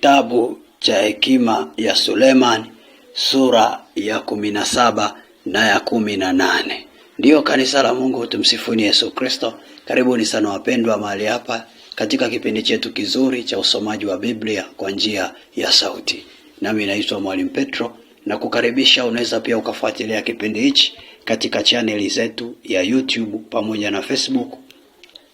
Kitabu cha hekima ya Sulemani sura ya kumi na saba na ya kumi na nane. Ndiyo kanisa la Mungu, tumsifuni Yesu Kristo. Karibuni sana wapendwa mahali hapa katika kipindi chetu kizuri cha usomaji wa Biblia kwa njia ya sauti. Nami naitwa Mwalimu Petro na kukaribisha. Unaweza pia ukafuatilia kipindi hichi katika chaneli zetu ya YouTube pamoja na Facebook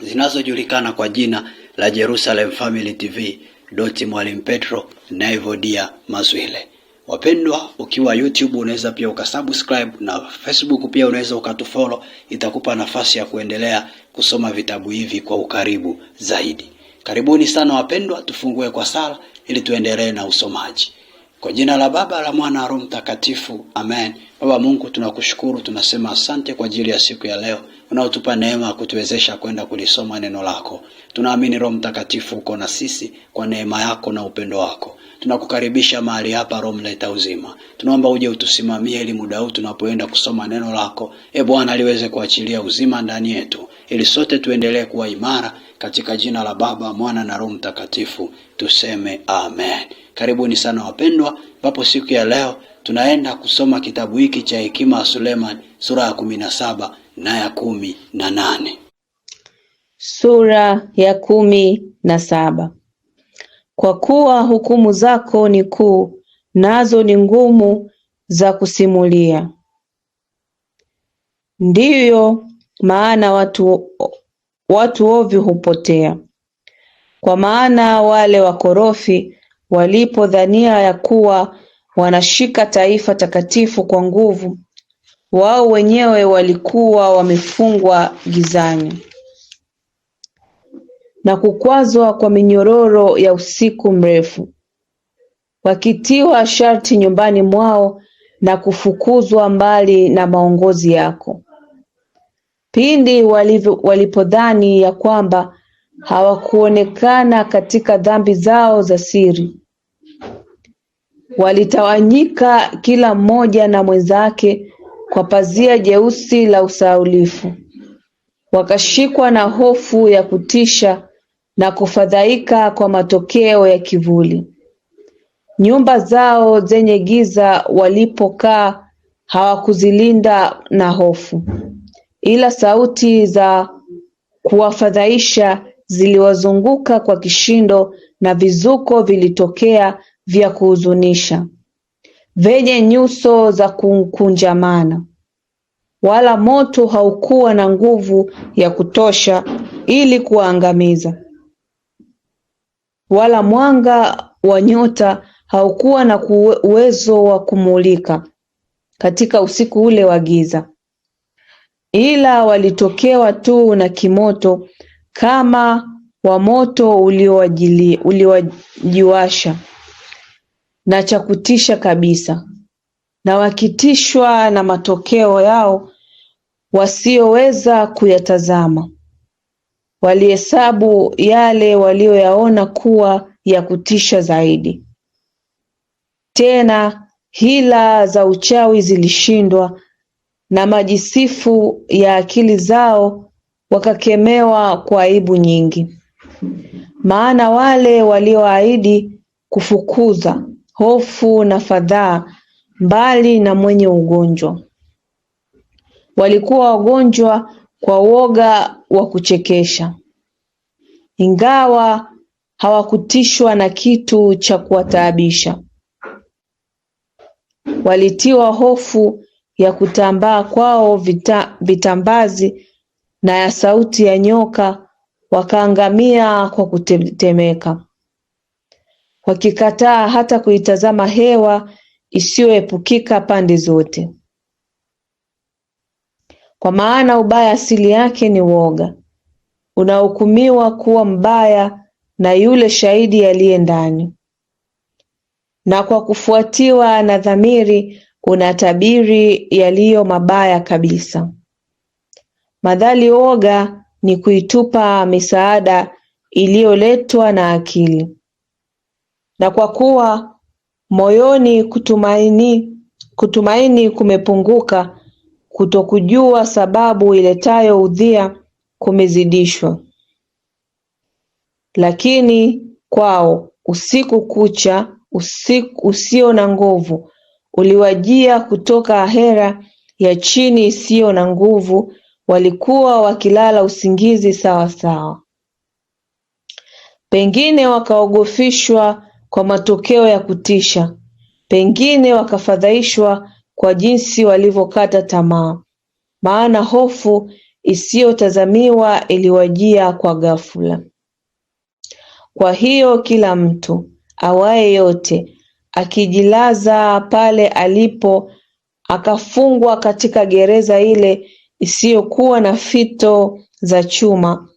zinazojulikana kwa jina la Jerusalem Family TV doti Mwalimu Petro na Evodia Mazwile. Wapendwa, ukiwa YouTube unaweza pia ukasubscribe na Facebook pia unaweza ukatufollow, itakupa nafasi ya kuendelea kusoma vitabu hivi kwa ukaribu zaidi. Karibuni sana wapendwa, tufungue kwa sala ili tuendelee na usomaji. Kwa jina la Baba la Mwana Roho Mtakatifu, amen. Baba Mungu, tunakushukuru tunasema asante kwa ajili ya siku ya leo unaotupa neema ya kutuwezesha kwenda kulisoma neno lako. Tunaamini Roho Mtakatifu uko na sisi kwa neema yako na upendo wako. Tunakukaribisha mahali hapa, Roho mleta uzima. Tunaomba uje utusimamie, ili muda huu tunapoenda kusoma neno lako, e Bwana, liweze kuachilia uzima ndani yetu, ili sote tuendelee kuwa imara, katika jina la Baba, Mwana na Roho Mtakatifu tuseme amen. Karibuni sana wapendwa, ambapo siku ya leo tunaenda kusoma kitabu hiki cha hekima ya Sulemani sura ya kumi na saba na ya kumi na nane. Sura ya kumi na saba. Kwa kuwa hukumu zako ni kuu, nazo ni ngumu za kusimulia. Ndiyo maana watu watu ovu hupotea. Kwa maana wale wakorofi walipodhania ya kuwa wanashika taifa takatifu kwa nguvu, wao wenyewe walikuwa wamefungwa gizani na kukwazwa kwa minyororo ya usiku mrefu, wakitiwa sharti nyumbani mwao na kufukuzwa mbali na maongozi yako, pindi walipodhani ya kwamba hawakuonekana katika dhambi zao za siri walitawanyika kila mmoja na mwenzake kwa pazia jeusi la usaulifu wakashikwa na hofu ya kutisha na kufadhaika kwa matokeo ya kivuli. Nyumba zao zenye giza walipokaa hawakuzilinda na hofu, ila sauti za kuwafadhaisha ziliwazunguka kwa kishindo na vizuko vilitokea vya kuhuzunisha venye nyuso za kukunjamana, wala moto haukuwa na nguvu ya kutosha ili kuwaangamiza, wala mwanga wa nyota haukuwa na uwezo wa kumulika katika usiku ule wa giza, ila walitokewa tu na kimoto kama wa moto uliowajiwasha na cha kutisha kabisa na wakitishwa na matokeo yao wasiyoweza kuyatazama walihesabu yale walioyaona kuwa ya kutisha zaidi tena hila za uchawi zilishindwa na majisifu ya akili zao wakakemewa kwa aibu nyingi maana wale walioahidi kufukuza hofu na fadhaa mbali na mwenye ugonjwa. Walikuwa wagonjwa kwa woga wa kuchekesha, ingawa hawakutishwa na kitu cha kuwataabisha. Walitiwa hofu ya kutambaa kwao vita, vitambazi na ya sauti ya nyoka, wakaangamia kwa kutetemeka wakikataa hata kuitazama hewa isiyoepukika pande zote, kwa maana ubaya asili yake ni woga unahukumiwa kuwa mbaya na yule shahidi aliye ndani, na kwa kufuatiwa na dhamiri unatabiri yaliyo mabaya kabisa. Madhali woga ni kuitupa misaada iliyoletwa na akili na kwa kuwa moyoni kutumaini kutumaini kumepunguka kutokujua sababu iletayo udhia kumezidishwa lakini kwao usiku kucha usiku usio na nguvu uliwajia kutoka ahera ya chini isiyo na nguvu walikuwa wakilala usingizi sawa sawa pengine wakaogofishwa kwa matokeo ya kutisha pengine wakafadhaishwa kwa jinsi walivyokata tamaa maana hofu isiyotazamiwa iliwajia kwa ghafula. kwa hiyo kila mtu awaye yote akijilaza pale alipo akafungwa katika gereza ile isiyokuwa na fito za chuma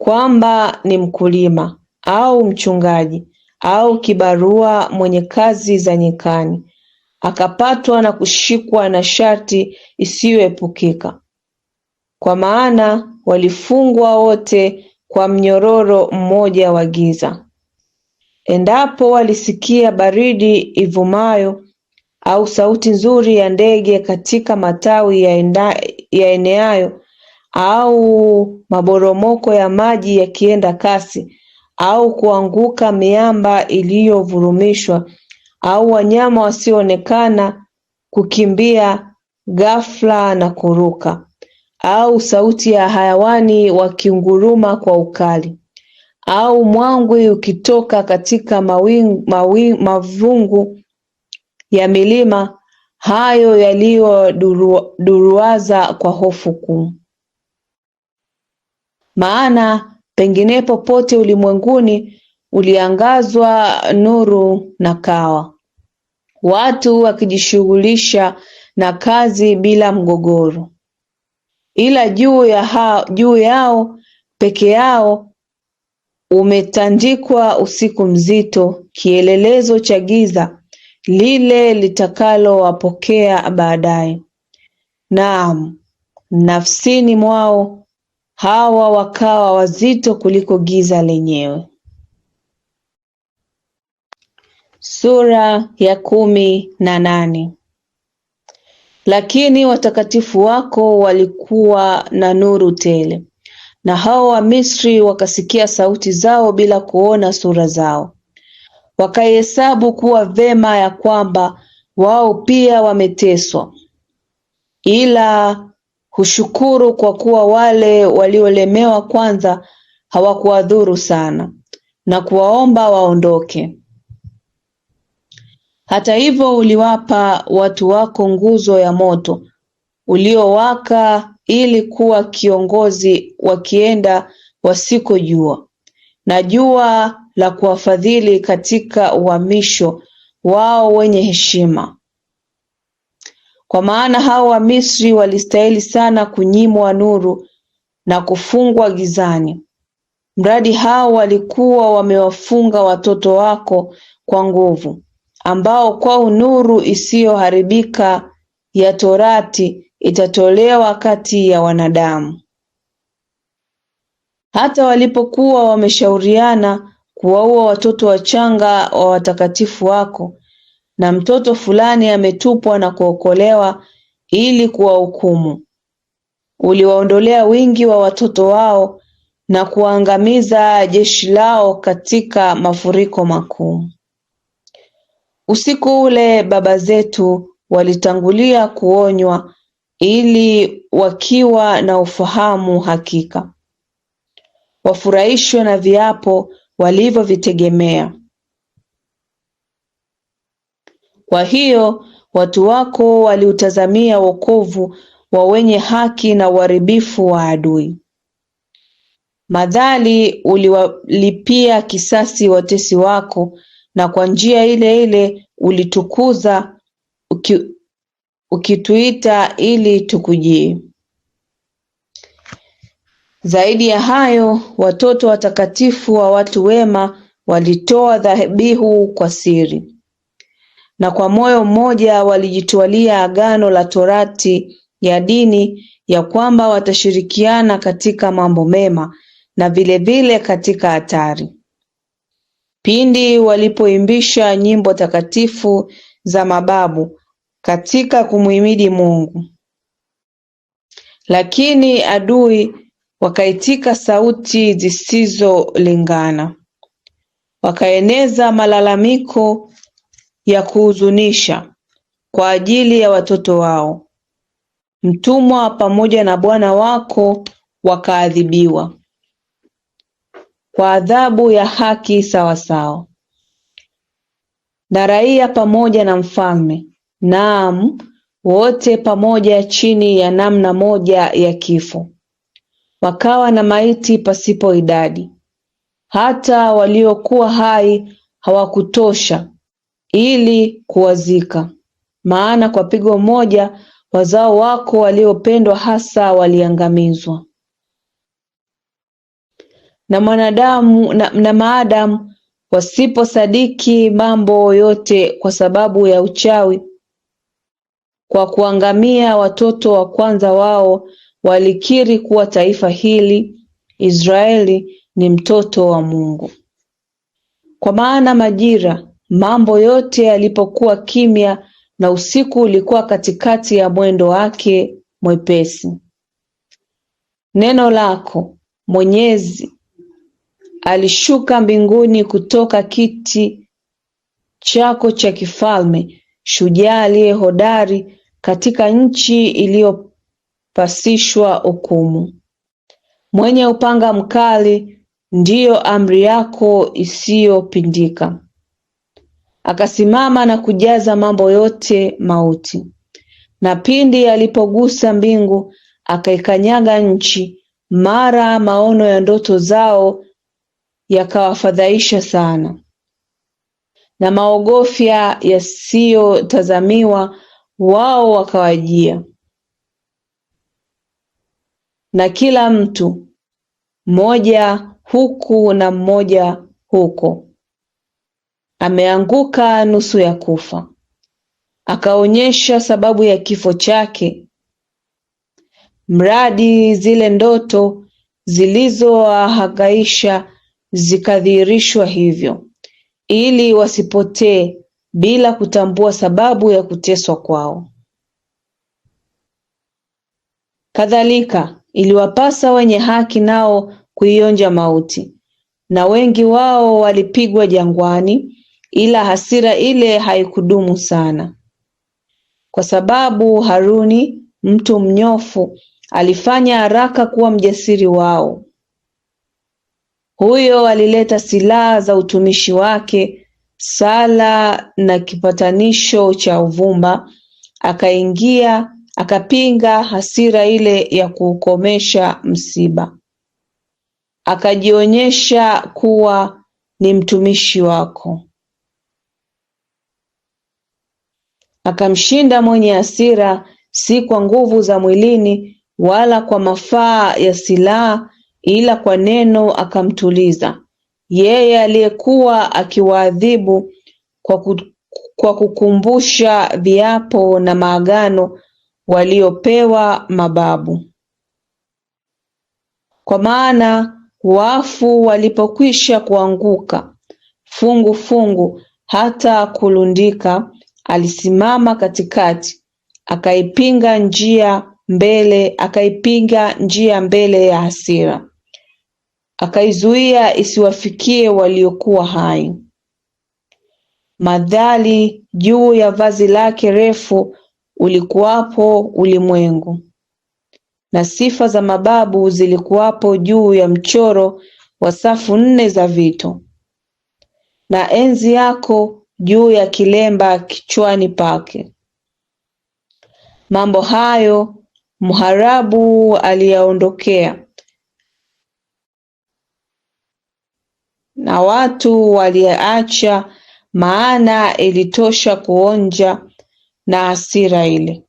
kwamba ni mkulima au mchungaji au kibarua mwenye kazi za nyikani akapatwa na kushikwa na sharti isiyoepukika kwa maana walifungwa wote kwa mnyororo mmoja wa giza endapo walisikia baridi ivumayo au sauti nzuri ya ndege katika matawi ya eneayo au maboromoko ya maji yakienda kasi au kuanguka miamba iliyovurumishwa au wanyama wasioonekana kukimbia ghafla na kuruka au sauti ya hayawani wakinguruma kwa ukali au mwangwi ukitoka katika mavungu ya milima hayo yaliyoduruaza kwa hofu kuu maana Pengine popote ulimwenguni uliangazwa nuru na kawa watu wakijishughulisha na kazi bila mgogoro ila juu yao peke yao umetandikwa usiku mzito kielelezo cha giza lile litakalowapokea baadaye naam nafsini mwao Hawa wakawa wazito kuliko giza lenyewe. Sura ya kumi na nane. Lakini watakatifu wako walikuwa na nuru tele, na hao Wamisri wakasikia sauti zao bila kuona sura zao, wakahesabu kuwa vema ya kwamba wao pia wameteswa. Ila Hushukuru kwa kuwa wale waliolemewa kwanza hawakuwadhuru sana na kuwaomba waondoke hata hivyo uliwapa watu wako nguzo ya moto uliowaka ili kuwa kiongozi wakienda wasikojua na jua la kuwafadhili katika uhamisho wao wenye heshima kwa maana hao Wamisri walistahili sana kunyimwa nuru na kufungwa gizani mradi hao walikuwa wamewafunga watoto wako kwa nguvu ambao kwao nuru isiyoharibika ya Torati itatolewa kati ya wanadamu. Hata walipokuwa wameshauriana kuwaua watoto wachanga wa watakatifu wako, na mtoto fulani ametupwa na kuokolewa ili kuwahukumu. Uliwaondolea wingi wa watoto wao na kuangamiza jeshi lao katika mafuriko makuu. Usiku ule baba zetu walitangulia kuonywa ili wakiwa na ufahamu hakika wafurahishwe na viapo walivyovitegemea. Kwa hiyo watu wako waliutazamia wokovu wa wenye haki na uharibifu wa adui, madhali uliwalipia kisasi watesi wako, na kwa njia ile ile ulitukuza uki, ukituita ili tukujie. Zaidi ya hayo, watoto watakatifu wa watu wema walitoa dhabihu kwa siri na kwa moyo mmoja walijitwalia agano la torati ya dini ya kwamba watashirikiana katika mambo mema na vilevile katika hatari. Pindi walipoimbisha nyimbo takatifu za mababu katika kumhimidi Mungu, lakini adui wakaitika sauti zisizolingana, wakaeneza malalamiko ya kuhuzunisha kwa ajili ya watoto wao, mtumwa pamoja na bwana wako wakaadhibiwa kwa adhabu ya haki sawasawa na raia pamoja na mfalme, naam, wote pamoja chini ya namna moja ya kifo, wakawa na maiti pasipo idadi, hata waliokuwa hai hawakutosha ili kuwazika maana kwa pigo moja wazao wako waliopendwa hasa waliangamizwa na mwanadamu na, na maadamu wasiposadiki mambo yote kwa sababu ya uchawi kwa kuangamia watoto wa kwanza wao walikiri kuwa taifa hili Israeli ni mtoto wa Mungu. Kwa maana majira Mambo yote yalipokuwa kimya na usiku ulikuwa katikati ya mwendo wake mwepesi, neno lako Mwenyezi alishuka mbinguni kutoka kiti chako cha kifalme, shujaa aliye hodari katika nchi iliyopasishwa hukumu, mwenye upanga mkali, ndiyo amri yako isiyopindika akasimama na kujaza mambo yote mauti, na pindi alipogusa mbingu akaikanyaga nchi, mara maono ya ndoto zao yakawafadhaisha sana, na maogofya yasiyotazamiwa wao wakawajia, na kila mtu mmoja huku na mmoja huko ameanguka nusu ya kufa, akaonyesha sababu ya kifo chake, mradi zile ndoto zilizowahangaisha zikadhihirishwa hivyo, ili wasipotee bila kutambua sababu ya kuteswa kwao. Kadhalika iliwapasa wenye haki nao kuionja mauti, na wengi wao walipigwa jangwani ila hasira ile haikudumu sana kwa sababu Haruni mtu mnyofu alifanya haraka kuwa mjasiri wao. Huyo alileta silaha za utumishi wake, sala na kipatanisho cha uvumba, akaingia akapinga hasira ile ya kuukomesha msiba, akajionyesha kuwa ni mtumishi wako. Akamshinda mwenye hasira, si kwa nguvu za mwilini wala kwa mafaa ya silaha, ila kwa neno akamtuliza. Yeye aliyekuwa akiwaadhibu kwa, ku, kwa kukumbusha viapo na maagano waliopewa mababu. Kwa maana wafu walipokwisha kuanguka fungu fungu hata kulundika Alisimama katikati akaipinga njia mbele akaipinga njia mbele ya hasira akaizuia isiwafikie waliokuwa hai. Madhali juu ya vazi lake refu ulikuwapo ulimwengu, na sifa za mababu zilikuwapo juu ya mchoro wa safu nne za vito, na enzi yako juu ya kilemba kichwani pake. Mambo hayo mharabu aliyaondokea na watu waliacha, maana ilitosha kuonja na hasira ile.